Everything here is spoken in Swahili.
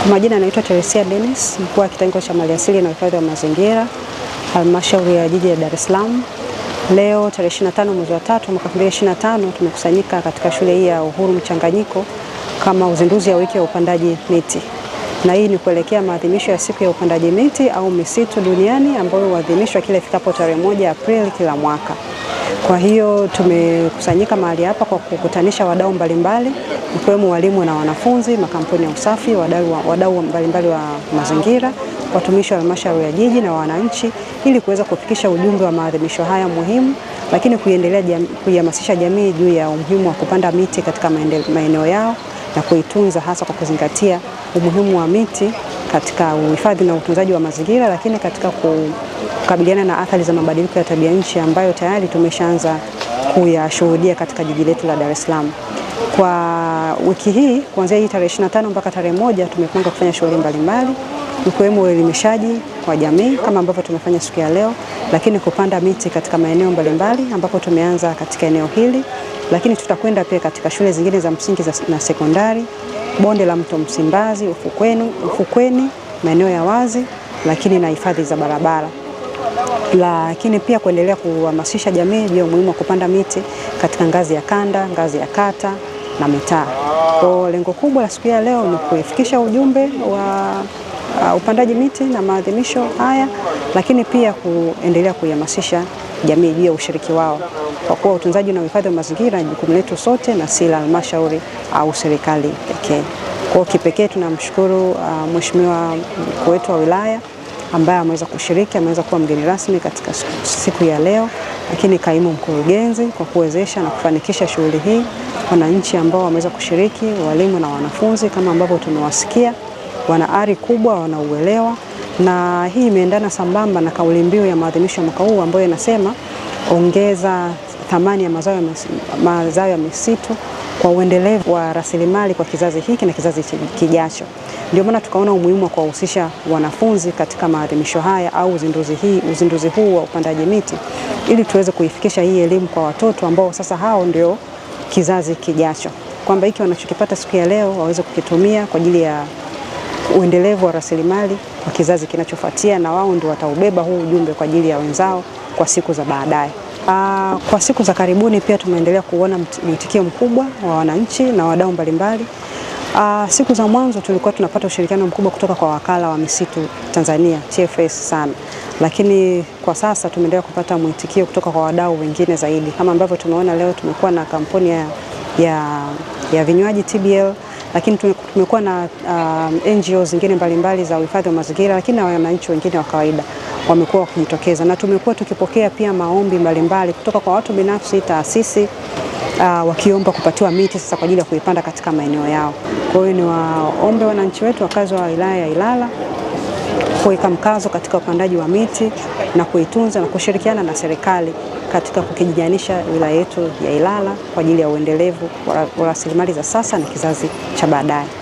Kwa majina anaitwa Teresia Dennis, mkuu wa kitengo cha maliasili na uhifadhi wa mazingira halmashauri ya jiji la Dar es Salaam. Leo tarehe 25 mwezi wa 3 mwaka 2025 tumekusanyika katika shule hii ya Uhuru Mchanganyiko kama uzinduzi ya wiki ya upandaji miti, na hii ni kuelekea maadhimisho ya siku ya upandaji miti au misitu duniani ambayo huadhimishwa kila ifikapo tarehe moja Aprili kila mwaka. Kwa hiyo tumekusanyika mahali hapa kwa kukutanisha wadau mbalimbali ikiwemo walimu na wanafunzi, makampuni ya usafi, wadau mbalimbali wa mazingira, watumishi wa halmashauri ya jiji na wananchi, ili kuweza kufikisha ujumbe wa maadhimisho haya muhimu, lakini kuiendelea jam, kuihamasisha jamii juu ya umuhimu wa kupanda miti katika maeneo yao na kuitunza, hasa kwa kuzingatia umuhimu wa miti katika uhifadhi na utunzaji wa mazingira, lakini katika kukabiliana na athari za mabadiliko ya tabia nchi ambayo tayari tumeshaanza kuyashuhudia katika jiji letu la Dar es Salaam. Kwa wiki hii kuanzia hii tarehe 25 mpaka tarehe moja tumepanga kufanya shughuli mbalimbali ikiwemo uelimishaji kwa jamii kama ambavyo tumefanya siku ya leo, lakini kupanda miti katika maeneo mbalimbali ambapo tumeanza katika eneo hili, lakini tutakwenda pia katika shule zingine za msingi na sekondari, bonde la mto Msimbazi, ufukweni, ufukweni, maeneo ya wazi, lakini na hifadhi za barabara lakini pia kuendelea kuhamasisha jamii juu ya umuhimu wa kupanda miti katika ngazi ya kanda, ngazi ya kata na mitaa. Kwa lengo kubwa la siku ya leo ni kuifikisha ujumbe wa uh, upandaji miti na maadhimisho haya, lakini pia kuendelea kuihamasisha jamii juu ya ushiriki wao, kwa kuwa utunzaji na uhifadhi wa mazingira ni jukumu letu sote na si la halmashauri au serikali pekee. Kwa kipekee tunamshukuru uh, mheshimiwa mkuu wetu wa wilaya ambaye ameweza kushiriki, ameweza kuwa mgeni rasmi katika siku ya leo, lakini kaimu mkurugenzi kwa kuwezesha na kufanikisha shughuli hii wananchi ambao wameweza kushiriki, walimu na wanafunzi, kama ambavyo tumewasikia, wana ari kubwa, wanauelewa, na hii imeendana sambamba na kauli mbiu ya maadhimisho ya mwaka huu ambayo inasema ongeza thamani ya mazao ya misitu, mazao ya misitu kwa uendelevu wa rasilimali kwa kizazi hiki na kizazi kijacho. Ndio maana tukaona umuhimu wa kuwahusisha wanafunzi katika maadhimisho haya au uzinduzi hii, uzinduzi huu wa upandaji miti ili tuweze kuifikisha hii elimu kwa watoto ambao sasa hao ndio kizazi kijacho, kwamba hiki wanachokipata siku ya leo waweze kukitumia kwa ajili ya uendelevu wa rasilimali kwa kizazi kinachofuatia, na wao ndio wataubeba huu ujumbe kwa ajili ya wenzao kwa siku za baadaye. Aa, ah, kwa siku za karibuni pia tumeendelea kuona mwitikio mkubwa wa wananchi na wadau mbalimbali Uh, siku za mwanzo tulikuwa tunapata ushirikiano mkubwa kutoka kwa wakala wa misitu Tanzania TFS sana, lakini kwa sasa tumeendelea kupata mwitikio kutoka kwa wadau wengine zaidi, kama ambavyo tumeona leo tumekuwa na kampuni ya, ya, ya vinywaji TBL, lakini tumekuwa na uh, um, NGO zingine mbalimbali za uhifadhi wa mazingira, lakini na wananchi wengine wa kawaida wamekuwa wakijitokeza, na tumekuwa tukipokea pia maombi mbalimbali kutoka kwa watu binafsi, taasisi uh, wakiomba kupatiwa miti sasa kwa ajili ya kuipanda katika maeneo yao. Kwa hiyo ni waombe wananchi wetu wakazi wa wilaya ya Ilala kuweka mkazo katika upandaji wa miti na kuitunza na kushirikiana na serikali katika kukijanisha wilaya yetu ya Ilala kwa ajili ya uendelevu wa rasilimali za sasa na kizazi cha baadaye.